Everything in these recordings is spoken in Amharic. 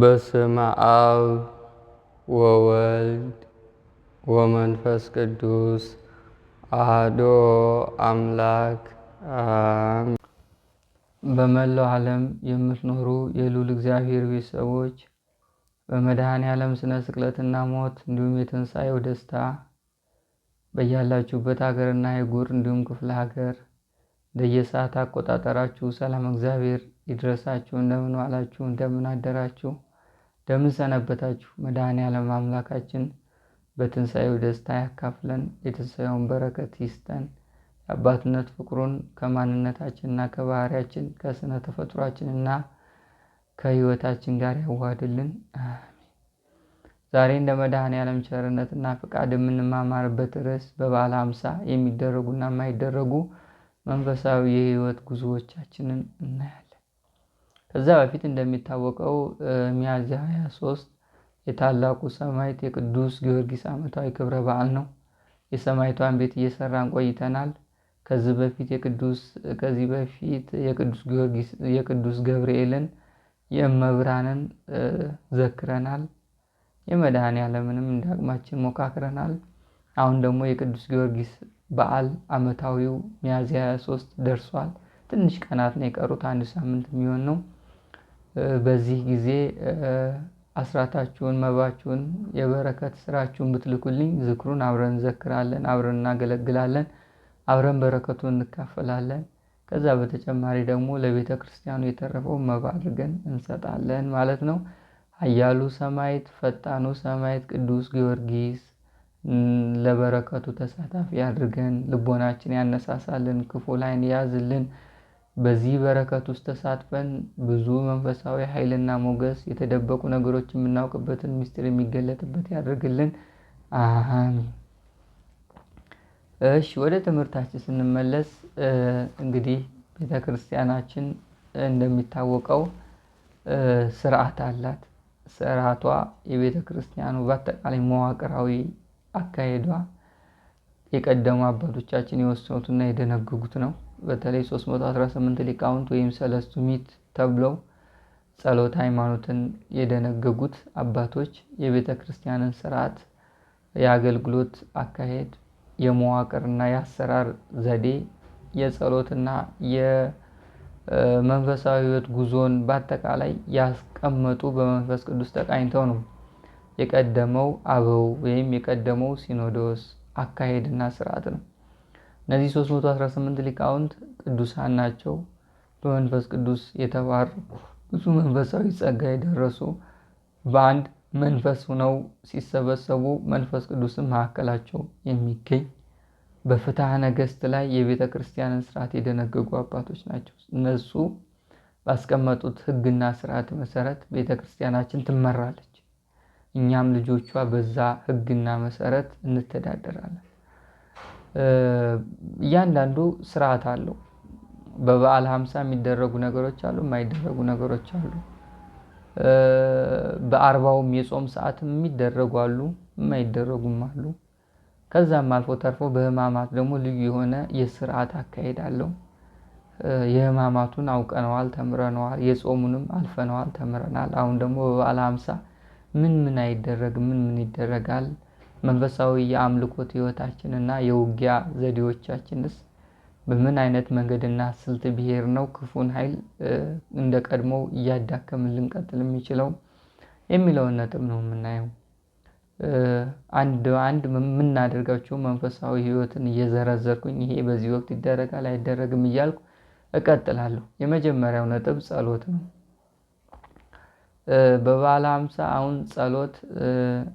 በስመ አብ ወወልድ ወመንፈስ ቅዱስ አሐዱ አምላክ። በመላው ዓለም የምትኖሩ የሉል እግዚአብሔር ቤተሰቦች በመድኃኔ ዓለም ስነ ስቅለትና ሞት እንዲሁም የትንሣኤው ደስታ በያላችሁበት ሀገርና የጉር እንዲሁም ክፍለ ሀገር እንደየሰዓት አቆጣጠራችሁ ሰላም እግዚአብሔር ይድረሳችሁ። እንደምን ዋላችሁ፣ እንደምን አደራችሁ፣ እንደምን ሰነበታችሁ። መድኃኔዓለም አምላካችን በትንሣኤው ደስታ ያካፍለን፣ የትንሣኤውን በረከት ይስጠን። የአባትነት ፍቅሩን ከማንነታችንና ከባህሪያችን ከስነ ተፈጥሯችንና ከህይወታችን ጋር ያዋህድልን። ዛሬ እንደ መድኃኔዓለም ቸርነትና ፍቃድ የምንማማርበት ርዕስ በበዓለ ሃምሳ የሚደረጉና የማይደረጉ መንፈሳዊ የህይወት ጉዞዎቻችንን እናያለን። ከዛ በፊት እንደሚታወቀው ሚያዝያ 23 የታላቁ ሰማዕት የቅዱስ ጊዮርጊስ ዓመታዊ ክብረ በዓል ነው። የሰማዕቷን ቤት እየሰራን ቆይተናል። ከዚህ በፊት የቅዱስ ከዚህ በፊት የቅዱስ ጊዮርጊስ የቅዱስ ገብርኤልን የእመብርሃንን ዘክረናል። የመድኃኔ እንደ እንዳቅማችን ሞካክረናል። አሁን ደግሞ የቅዱስ ጊዮርጊስ በዓል ዓመታዊው ሚያዝያ 23 ደርሷል። ትንሽ ቀናት ነው የቀሩት፣ አንድ ሳምንት የሚሆን ነው። በዚህ ጊዜ አስራታችሁን መባችሁን የበረከት ስራችሁን ብትልኩልኝ ዝክሩን አብረን እንዘክራለን፣ አብረን እናገለግላለን፣ አብረን በረከቱን እንካፈላለን። ከዛ በተጨማሪ ደግሞ ለቤተ ክርስቲያኑ የተረፈው መባ አድርገን እንሰጣለን ማለት ነው። ኃያሉ ሰማዕት ፈጣኑ ሰማዕት ቅዱስ ጊዮርጊስ ለበረከቱ ተሳታፊ አድርገን ልቦናችን ያነሳሳልን፣ ክፉ ላይን ያዝልን። በዚህ በረከት ውስጥ ተሳትፈን ብዙ መንፈሳዊ ኃይልና ሞገስ፣ የተደበቁ ነገሮች የምናውቅበትን ምስጢር የሚገለጥበት ያደርግልን። አሚን። እሺ ወደ ትምህርታችን ስንመለስ እንግዲህ ቤተ ክርስቲያናችን እንደሚታወቀው ስርዓት አላት። ስርዓቷ የቤተ ክርስቲያኑ በአጠቃላይ መዋቅራዊ አካሄዷ የቀደሙ አባቶቻችን የወሰኑትና የደነገጉት ነው። በተለይ 318 ሊቃውንት ወይም ሰለስቱ ምዕት ተብለው ጸሎት ሃይማኖትን የደነገጉት አባቶች የቤተ ክርስቲያንን ስርዓት፣ የአገልግሎት አካሄድ፣ የመዋቅርና የአሰራር ዘዴ፣ የጸሎትና የመንፈሳዊ ህይወት ጉዞን በአጠቃላይ ያስቀመጡ በመንፈስ ቅዱስ ተቃኝተው ነው። የቀደመው አበው ወይም የቀደመው ሲኖዶስ አካሄድና ስርዓት ነው። እነዚህ 318 ሊቃውንት ቅዱሳን ናቸው። በመንፈስ ቅዱስ የተባረኩ ብዙ መንፈሳዊ ጸጋ የደረሱ በአንድ መንፈስ ሆነው ሲሰበሰቡ መንፈስ ቅዱስን መካከላቸው የሚገኝ በፍትሐ ነገሥት ላይ የቤተ ክርስቲያንን ስርዓት የደነገጉ አባቶች ናቸው። እነሱ ባስቀመጡት ሕግና ስርዓት መሰረት ቤተ ክርስቲያናችን ትመራለች። እኛም ልጆቿ በዛ ሕግና መሰረት እንተዳደራለን። እያንዳንዱ ስርዓት አለው። በበዓል ሀምሳ የሚደረጉ ነገሮች አሉ የማይደረጉ ነገሮች አሉ። በአርባውም የጾም ሰዓት የሚደረጉ አሉ የማይደረጉም አሉ። ከዛም አልፎ ተርፎ በህማማት ደግሞ ልዩ የሆነ የስርዓት አካሄድ አለው። የህማማቱን አውቀነዋል ተምረነዋል የጾሙንም አልፈነዋል ተምረናል አሁን ደግሞ በበዓል ሃምሳ ምን ምን አይደረግ ምን ምን ይደረጋል መንፈሳዊ የአምልኮት ህይወታችን እና የውጊያ ዘዴዎቻችንስ በምን አይነት መንገድና ስልት ብሄር ነው ክፉን ኃይል እንደ ቀድሞ እያዳከምን ልንቀጥል የሚችለው የሚለውን ነጥብ ነው የምናየው። አንድ አንድ የምናደርጋቸው መንፈሳዊ ህይወትን እየዘረዘርኩኝ ይሄ በዚህ ወቅት ይደረጋል አይደረግም እያልኩ እቀጥላለሁ። የመጀመሪያው ነጥብ ጸሎት ነው። በበዓለ ሃምሳ አሁን ጸሎት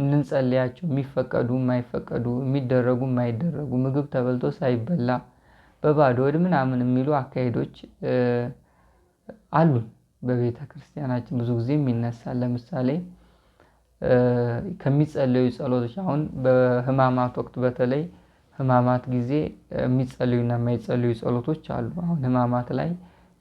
እንንጸልያቸው የሚፈቀዱ የማይፈቀዱ የሚደረጉ የማይደረጉ ምግብ ተበልቶ ሳይበላ በባዶ ወድ ምናምን የሚሉ አካሄዶች አሉ በቤተ ክርስቲያናችን ብዙ ጊዜ የሚነሳል። ለምሳሌ ከሚጸለዩ ጸሎቶች አሁን በህማማት ወቅት በተለይ ህማማት ጊዜ የሚጸልዩና የማይጸልዩ ጸሎቶች አሉ። አሁን ህማማት ላይ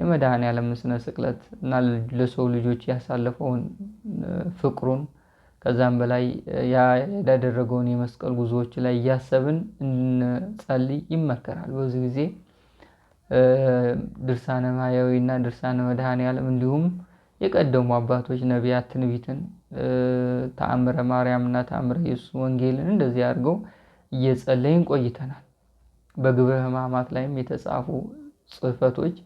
የመድኃኔዓለም ስነ ስቅለት እና ለሰው ልጆች ያሳለፈውን ፍቅሩን ከዛም በላይ ያደረገውን የመስቀል ጉዞዎች ላይ እያሰብን እንጸልይ ይመከራል። በዚህ ጊዜ ድርሳነ ማያዊ እና ድርሳነ መድኃኔዓለም እንዲሁም የቀደሙ አባቶች ነቢያት ትንቢትን፣ ተአምረ ማርያም እና ተአምረ ኢየሱስ ወንጌልን እንደዚህ አድርገው እየጸለይን ቆይተናል። በግብረ ሕማማት ላይም የተጻፉ ጽህፈቶች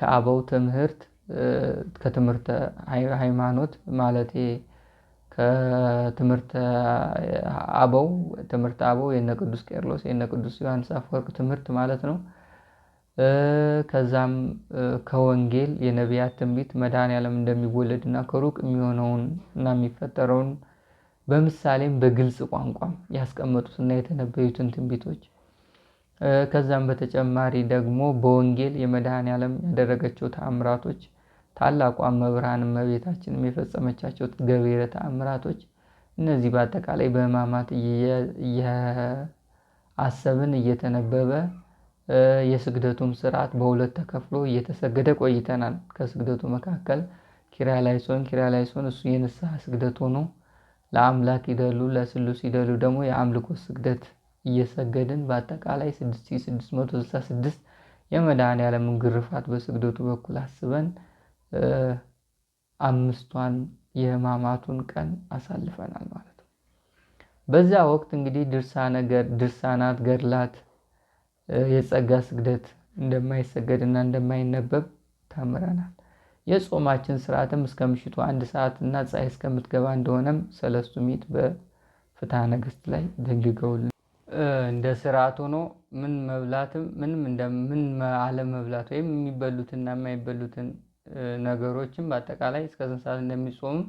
ከአበው ትምህርት ከትምህርተ ሃይማኖት ማለት ከትምህርተ አበው ትምህርተ አበው የነ ቅዱስ ቄርሎስ የነ ቅዱስ ዮሐንስ አፈወርቅ ትምህርት ማለት ነው። ከዛም ከወንጌል የነቢያት ትንቢት መድኃኔዓለም እንደሚወለድ እና ከሩቅ የሚሆነውን እና የሚፈጠረውን በምሳሌም በግልጽ ቋንቋም ያስቀመጡት እና የተነበዩትን ትንቢቶች ከዛም በተጨማሪ ደግሞ በወንጌል የመድኃኔ ዓለም ያደረገችው ተአምራቶች ታላቋ መብርሃን እመቤታችንም የፈጸመቻቸው ገቢረ ተአምራቶች እነዚህ በአጠቃላይ በሕማማት እያሰብን እየተነበበ የስግደቱም ስርዓት በሁለት ተከፍሎ እየተሰገደ ቆይተናል። ከስግደቱ መካከል ኪራ ኪራ ላይ ሲሆን ላይ ሲሆን እሱ የንስሐ ስግደት ሆኖ ለአምላክ ይደሉ ለስሉስ ይደሉ ደግሞ የአምልኮ ስግደት እየሰገድን በአጠቃላይ 6666 የመድኃኔ ዓለምን ግርፋት በስግደቱ በኩል አስበን አምስቷን የሕማማቱን ቀን አሳልፈናል ማለት ነው። በዛ ወቅት እንግዲህ ድርሳናት፣ ገድላት፣ የጸጋ ስግደት እንደማይሰገድና እንደማይነበብ ተምረናል። የጾማችን ስርዓትም እስከ ምሽቱ አንድ ሰዓት እና ፀሐይ እስከምትገባ እንደሆነም ሰለስቱ ምዕት በፍትሐ ነገሥት ላይ ደንግገውልን እንደ ስርዓት ሆኖ ምን መብላትም ምንም እንደ ምን አለመብላት ወይም የሚበሉትና የማይበሉትን ነገሮችን በአጠቃላይ እስከ ስንት ሰዓት እንደሚጾምም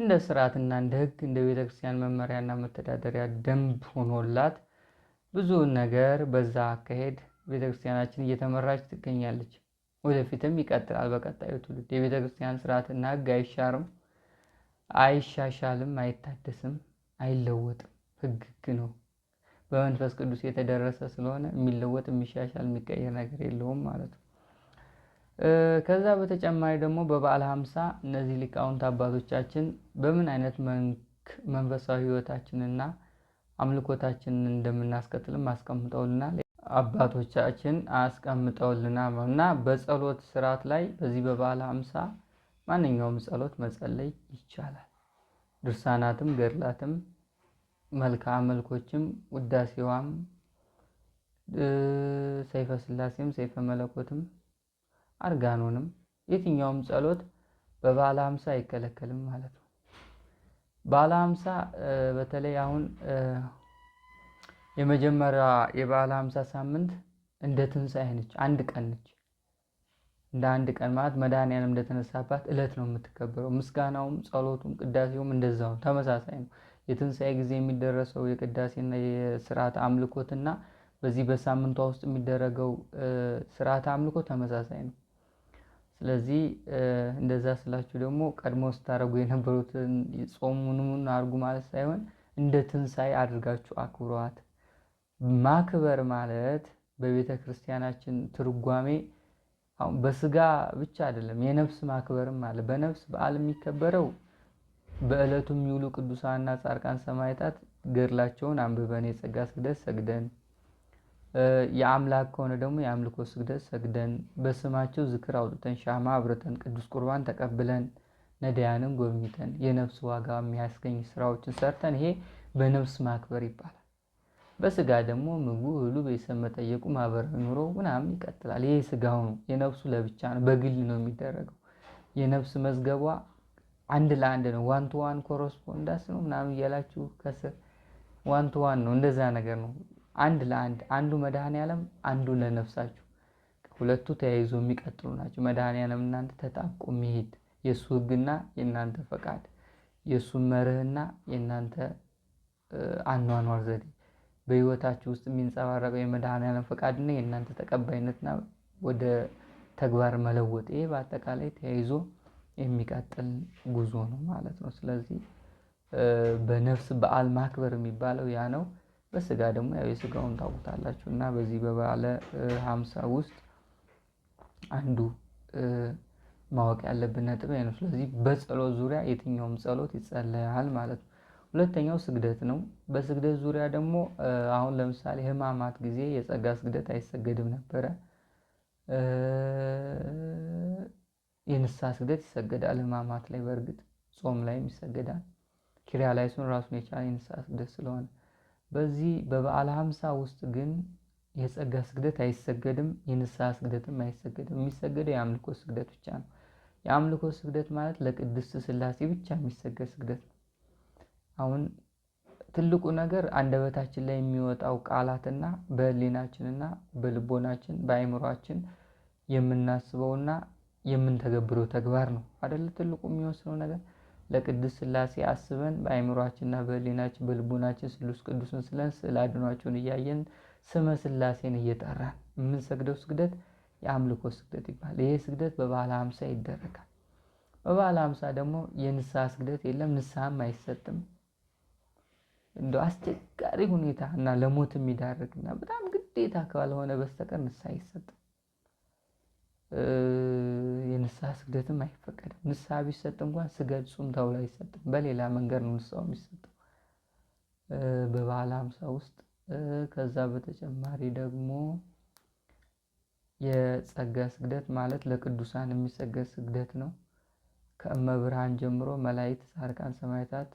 እንደ ስርዓትና እንደ ህግ እንደ ቤተክርስቲያን መመሪያና መተዳደሪያ ደንብ ሆኖላት ብዙ ነገር በዛ አካሄድ ቤተክርስቲያናችን እየተመራች ትገኛለች። ወደፊትም ይቀጥላል። በቀጣዩ ትውልድ የቤተክርስቲያን ስርዓትና ህግ አይሻርም፣ አይሻሻልም፣ አይታደስም፣ አይለወጥም። ህግ ህግ ነው። በመንፈስ ቅዱስ የተደረሰ ስለሆነ የሚለወጥ የሚሻሻል የሚቀየር ነገር የለውም ማለት ነው። ከዛ በተጨማሪ ደግሞ በበዓለ ሀምሳ እነዚህ ሊቃውንት አባቶቻችን በምን አይነት መንፈሳዊ ህይወታችንና አምልኮታችንን እንደምናስከትልም አስቀምጠውልናል አባቶቻችን አስቀምጠውልናል እና በጸሎት ስርዓት ላይ በዚህ በበዓለ ሀምሳ ማንኛውም ጸሎት መጸለይ ይቻላል። ድርሳናትም ገድላትም መልክዓ መልኮችም ውዳሴዋም ሰይፈ ስላሴም ሰይፈ መለኮትም አርጋኖንም የትኛውም ጸሎት በባለ ሀምሳ አይከለከልም ማለት ነው። ባለ ሀምሳ በተለይ አሁን የመጀመሪያ የባለ ሀምሳ ሳምንት እንደ ትንሣኤ ነች፣ አንድ ቀን ነች። እንደ አንድ ቀን ማለት መድኃኒዓለም እንደተነሳባት እለት ነው የምትከበረው። ምስጋናውም ጸሎቱም ቅዳሴውም እንደዛው ተመሳሳይ ነው። የትንሣኤ ጊዜ የሚደረሰው የቅዳሴና የስርዓት አምልኮትና በዚህ በሳምንቷ ውስጥ የሚደረገው ስርዓት አምልኮ ተመሳሳይ ነው። ስለዚህ እንደዛ ስላችሁ ደግሞ ቀድሞ ስታደረጉ የነበሩትን ጾሙን አድርጉ ማለት ሳይሆን እንደ ትንሣኤ አድርጋችሁ አክብሯት። ማክበር ማለት በቤተ ክርስቲያናችን ትርጓሜ በስጋ ብቻ አይደለም፣ የነፍስ ማክበርም አለ። በነፍስ በዓል የሚከበረው በዕለቱም የሚውሉ ቅዱሳንና ጻድቃን ሰማዕታት ገድላቸውን አንብበን የጸጋ ስግደት ሰግደን የአምላክ ከሆነ ደግሞ የአምልኮ ስግደት ሰግደን በስማቸው ዝክር አውጥተን ሻማ አብርተን ቅዱስ ቁርባን ተቀብለን ነዳያንን ጎብኝተን የነፍስ ዋጋ የሚያስገኝ ስራዎችን ሰርተን ይሄ በነፍስ ማክበር ይባላል። በስጋ ደግሞ ምግቡ፣ እህሉ፣ ቤተሰብ መጠየቁ፣ ማህበራዊ ኑሮ ምናምን ይቀጥላል። ይሄ ስጋው ነው። የነፍሱ ለብቻ ነው፣ በግል ነው የሚደረገው። የነፍስ መዝገቧ አንድ ለአንድ ነው። ዋን ቱ ዋን ኮረስፖንዳንስ ነው ምናምን እያላችሁ ከስር ዋን ቱ ዋን ነው። እንደዛ ነገር ነው። አንድ ለአንድ አንዱ መድኃኔ ዓለም አንዱ ለነፍሳችሁ፣ ሁለቱ ተያይዞ የሚቀጥሉ ናቸው። መድኃኔ ዓለም እናንተ ተጣብቆ የሚሄድ የእሱ ህግና የእናንተ ፈቃድ፣ የእሱ መርህና የእናንተ አኗኗር ዘዴ፣ በህይወታችሁ ውስጥ የሚንጸባረቀው የመድኃኔ ፈቃድና የእናንተ ተቀባይነትና ወደ ተግባር መለወጥ፣ ይሄ በአጠቃላይ ተያይዞ የሚቀጥል ጉዞ ነው ማለት ነው። ስለዚህ በነፍስ በዓል ማክበር የሚባለው ያ ነው። በስጋ ደግሞ ያው የስጋውን ታውቁታላችሁ እና በዚህ በበዓለ ሀምሳ ውስጥ አንዱ ማወቅ ያለብን ነጥብ ነው። ስለዚህ በጸሎት ዙሪያ የትኛውም ጸሎት ይጸለያል ማለት ነው። ሁለተኛው ስግደት ነው። በስግደት ዙሪያ ደግሞ አሁን ለምሳሌ ህማማት ጊዜ የጸጋ ስግደት አይሰገድም ነበረ። የንስሐ ስግደት ይሰገዳል። ሕማማት ላይ በእርግጥ ጾም ላይም ይሰገዳል። ኪሪያ ላይ ራሱን የቻለ የንስሐ ስግደት ስለሆነ በዚህ በበዓለ ሀምሳ ውስጥ ግን የጸጋ ስግደት አይሰገድም፣ የንስሐ ስግደትም አይሰገድም። የሚሰገደው የአምልኮ ስግደት ብቻ ነው። የአምልኮ ስግደት ማለት ለቅድስት ስላሴ ብቻ የሚሰገድ ስግደት ነው። አሁን ትልቁ ነገር አንደበታችን ላይ የሚወጣው ቃላትና በህሊናችንና በልቦናችን በአይምሯችን የምናስበውና የምንተገብረው ተግባር ነው አደለ? ትልቁ የሚወስነው ነገር ለቅድስት ስላሴ አስበን በአይምሯችንና በሕሊናችን በልቡናችን ስሉስ ቅዱስን ስለን ስዕል አድኗቸውን እያየን ስመ ስላሴን እየጠራን የምንሰግደው ስግደት የአምልኮ ስግደት ይባላል። ይሄ ስግደት በበዓለ ሃምሳ ይደረጋል። በበዓለ ሃምሳ ደግሞ የንስሐ ስግደት የለም፣ ንስሐም አይሰጥም። እንደ አስቸጋሪ ሁኔታ እና ለሞት የሚዳርግና በጣም ግዴታ ካልሆነ በስተቀር ንስሐ አይሰጥም። የንስሐ ስግደትም አይፈቀድም። ንስሐ ቢሰጥ እንኳን ስገድ፣ ጹም ተብሎ አይሰጥም። በሌላ መንገድ ነው ንስሐው የሚሰጠው በበዓለ ሃምሳ ውስጥ። ከዛ በተጨማሪ ደግሞ የጸጋ ስግደት ማለት ለቅዱሳን የሚሰገድ ስግደት ነው። ከእመብርሃን ጀምሮ መላእክት፣ ጻድቃን፣ ሰማዕታት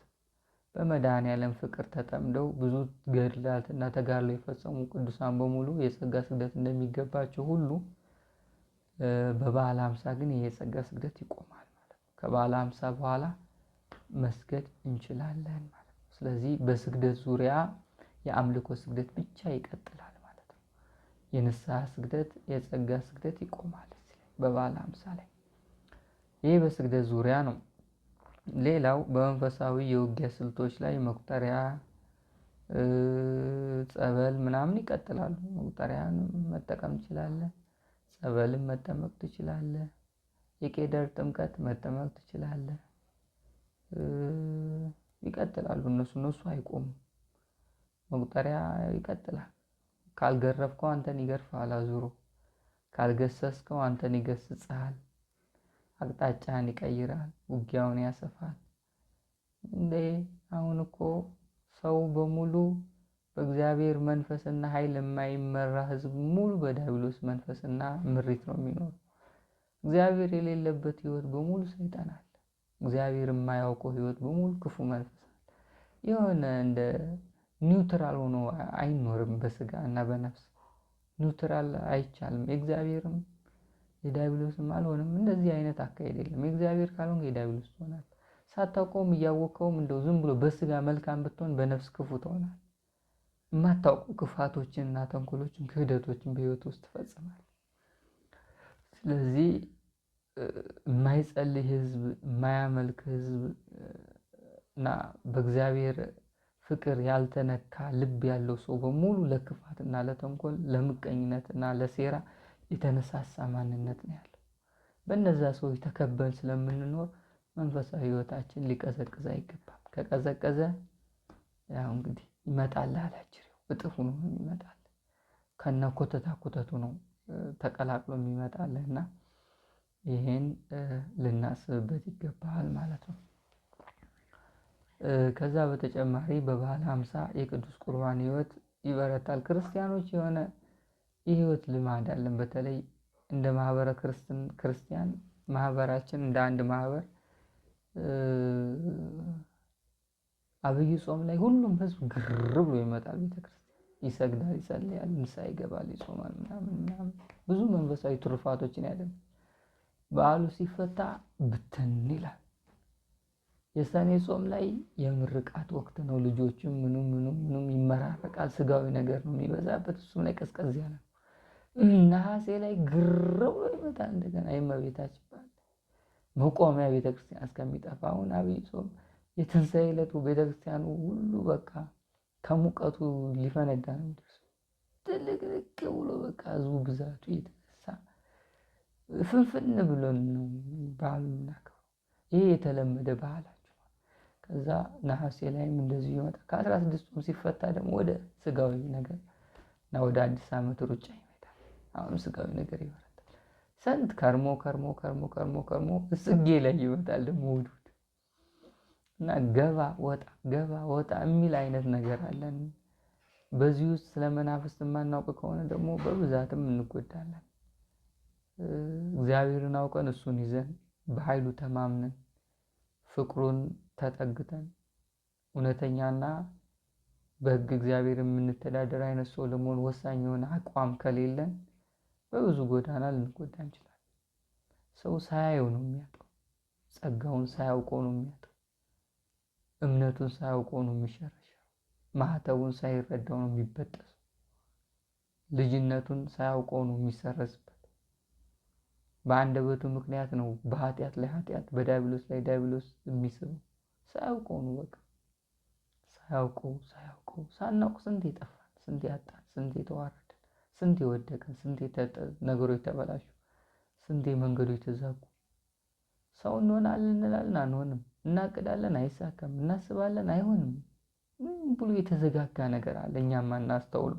በመድኃኔ ዓለም ፍቅር ተጠምደው ብዙ ገድላትና ተጋድሎ የፈጸሙ ቅዱሳን በሙሉ የጸጋ ስግደት እንደሚገባቸው ሁሉ በበዓለ ሃምሳ ግን ይሄ የጸጋ ስግደት ይቆማል ማለት ነው። ከበዓለ ሃምሳ በኋላ መስገድ እንችላለን ማለት ነው። ስለዚህ በስግደት ዙሪያ የአምልኮ ስግደት ብቻ ይቀጥላል ማለት ነው። የንስሐ ስግደት፣ የጸጋ ስግደት ይቆማል በበዓለ ሃምሳ ላይ። ይህ በስግደት ዙሪያ ነው። ሌላው በመንፈሳዊ የውጊያ ስልቶች ላይ መቁጠሪያ፣ ጸበል ምናምን ይቀጥላሉ። መቁጠሪያን መጠቀም እንችላለን። ጸበልም መጠመቅ ትችላለህ። የቄደር ጥምቀት መጠመቅ ትችላለህ። ይቀጥላሉ እነሱ እነሱ አይቆሙም። መቁጠሪያ ይቀጥላል። ካልገረፍከው አንተን ይገርፍሃል አዙሮ። ካልገሰስከው አንተን ይገስጽሃል። አቅጣጫህን ይቀይራል። ውጊያውን ያሰፋል። እንዴ አሁን እኮ ሰው በሙሉ በእግዚአብሔር መንፈስና ኃይል የማይመራ ህዝብ ሙሉ በዳብሎስ መንፈስና ምሪት ነው የሚኖረው። እግዚአብሔር የሌለበት ህይወት በሙሉ ሰይጣን አለ። እግዚአብሔር የማያውቀው ህይወት በሙሉ ክፉ መንፈስ አለ። የሆነ እንደ ኒውትራል ሆኖ አይኖርም። በስጋ እና በነፍስ ኒውትራል አይቻልም። የእግዚአብሔርም የዲያብሎስም አልሆንም። እንደዚህ አይነት አካሄድ የለም። የእግዚአብሔር ካልሆን የዳብሎስ ትሆናል። ሳታውቀውም እያወቀውም እንደው ዝም ብሎ በስጋ መልካም ብትሆን በነፍስ ክፉ ትሆናል። የማታውቁ ክፋቶችን እና ተንኮሎችን ክህደቶችን በህይወት ውስጥ ትፈጽማል። ስለዚህ የማይጸልይ ህዝብ፣ የማያመልክ ህዝብ እና በእግዚአብሔር ፍቅር ያልተነካ ልብ ያለው ሰው በሙሉ ለክፋት እና ለተንኮል ለምቀኝነት እና ለሴራ የተነሳሳ ማንነት ነው ያለው። በእነዛ ሰዎች ተከበን ስለምንኖር መንፈሳዊ ህይወታችን ሊቀዘቅዝ አይገባም። ከቀዘቀዘ ያው እንግዲህ ይመጣል አጅሬው እጥፉ ነው የሚመጣልህ። ከነ ኮተታ ኮተቱ ነው ተቀላቅሎ የሚመጣል እና ይሄን ልናስብበት ይገባል ማለት ነው። ከዛ በተጨማሪ በበዓለ ሃምሳ የቅዱስ ቁርባን ህይወት ይበረታል። ክርስቲያኖች የሆነ የህይወት ልማድ አለን። በተለይ እንደ ማህበረ ክርስቲያን ማህበራችን እንደ አንድ ማህበር አብይ ጾም ላይ ሁሉም ህዝብ ግር ብሎ ይመጣል፣ ቤተክርስቲያን ይሰግዳል፣ ይጸልያል፣ ምሳ ይገባል፣ ይጾማል፣ ምናምን ምናምን ብዙ መንፈሳዊ ትሩፋቶችን ያደርጋል። በዓሉ ሲፈታ ብትን ይላል። የሰኔ ጾም ላይ የምርቃት ወቅት ነው። ልጆችም ምኑም ምኑም ምኑም ይመራረቃል። ስጋዊ ነገር ነው የሚበዛበት። እሱም ላይ ቀዝቀዝ ያለ ነው። ነሐሴ ላይ ግርው ይመጣል። እንደገና የእመቤታችን በዓል መቆሚያ ቤተክርስቲያን እስከሚጠፋ አሁን አብይ ጾም የትንሣኤ ዕለቱ ቤተክርስቲያኑ ሁሉ በቃ ከሙቀቱ ሊፈነዳ ነው የሚደርሱ ጥልቅልቅ ብሎ በቃ ህዝቡ ብዛቱ የተነሳ ፍንፍን ብሎን ነው በዓሉ የምናከብረው። ይሄ የተለመደ ባህላችን ነው። ከዛ ነሐሴ ላይም እንደዚሁ ይመጣል። ከአስራ ስድስቱም ሲፈታ ደግሞ ወደ ስጋዊ ነገር እና ወደ አዲስ ዓመት ሩጫ ይመጣል። አሁንም ስጋዊ ነገር ይበረታል። ሰንት ከርሞ ከርሞ ከርሞ ከርሞ ከርሞ እጽጌ ላይ ይመጣል ደግሞ ውዱ እና ገባ ወጣ ገባ ወጣ የሚል አይነት ነገር አለን። በዚህ ውስጥ ስለ መናፍስት የማናውቅ ከሆነ ደግሞ በብዛትም እንጎዳለን። እግዚአብሔርን አውቀን እሱን ይዘን በኃይሉ ተማምነን ፍቅሩን ተጠግተን እውነተኛና በሕግ እግዚአብሔር የምንተዳደር አይነት ሰው ለመሆን ወሳኝ የሆነ አቋም ከሌለን በብዙ ጎዳና ልንጎዳ እንችላለን። ሰው ሳያየው ነው የሚያውቀው፣ ጸጋውን ሳያውቀው ነው የሚያውቀው። እምነቱን ሳያውቀው ነው የሚሸረሸረው። ማህተቡን ሳይረዳው ነው የሚበጠሰው። ልጅነቱን ሳያውቀው ነው የሚሰረዝበት። በአንደበቱ ምክንያት ነው በኃጢአት ላይ ኃጢአት፣ በዳብሎስ ላይ ዳብሎስ የሚስበው ሳያውቀው ነው። በቃ ሳያውቀው ሳያውቀው ሳናውቅ ስንት የጠፋን፣ ስንት ያጣን፣ ስንት የተዋረድን፣ ስንት የወደቅን፣ ስንት ነገሮች ተበላሹ፣ ስንት መንገዶች ተዛጉ። ሰው እንሆናለን እንላለን፣ አንሆንም። እናቅዳለን፣ አይሳካም። እናስባለን፣ አይሆንም። ብሎ የተዘጋጋ ነገር አለ፣ እኛም አናስተውሉ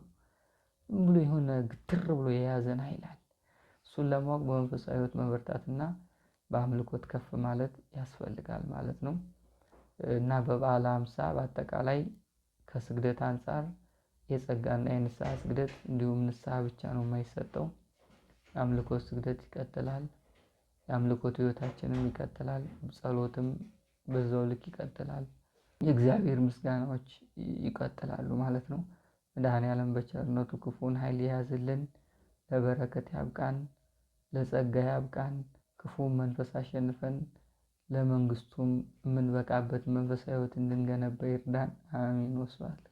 ብሎ የሆነ ግትር ብሎ የያዘን አይላል። እሱን ለማወቅ በመንፈሳዊ ሕይወት መበርታትና በአምልኮት ከፍ ማለት ያስፈልጋል ማለት ነው እና በበዓለ ሃምሳ በአጠቃላይ ከስግደት አንጻር የጸጋና የንስሐ ስግደት እንዲሁም ንስሐ ብቻ ነው የማይሰጠው። አምልኮት ስግደት ይቀጥላል። የአምልኮት ህይወታችንም ይቀጥላል። ጸሎትም በዛው ልክ ይቀጥላል። የእግዚአብሔር ምስጋናዎች ይቀጥላሉ ማለት ነው። መድኃኔዓለም በቸርነቱ ክፉን ኃይል የያዝልን፣ ለበረከት ያብቃን፣ ለጸጋ ያብቃን። ክፉን መንፈስ አሸንፈን ለመንግስቱም የምንበቃበት መንፈሳዊ ህይወት እንድንገነባ ይርዳን። አሚን። ወስብሐት